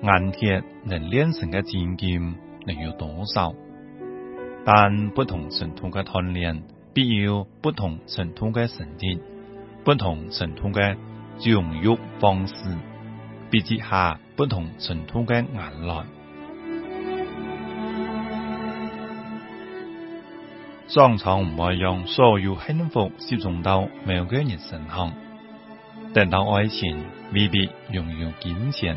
硬鐵能練成嘅精劍，能有多少？但不同程度嘅訓練，必要不同程度嘅成績，不同程度嘅造育方式，必接下不同程度嘅眼淚。上蒼唔會讓所有幸福集中到每個人身上到，愛情，未必擁有金錢。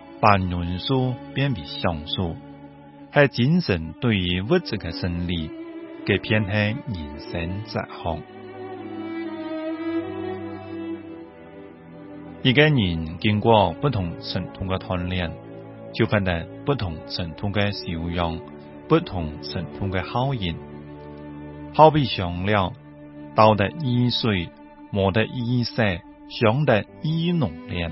把忍受變為享受，係精神對於物質嘅勝利，嘅便是人生哲學。一個人經過不同程度嘅鍛煉，就會得不同程度嘅修養，不同程度嘅考驗。好比香料，搗得易碎，磨得易細，香得易濃烈。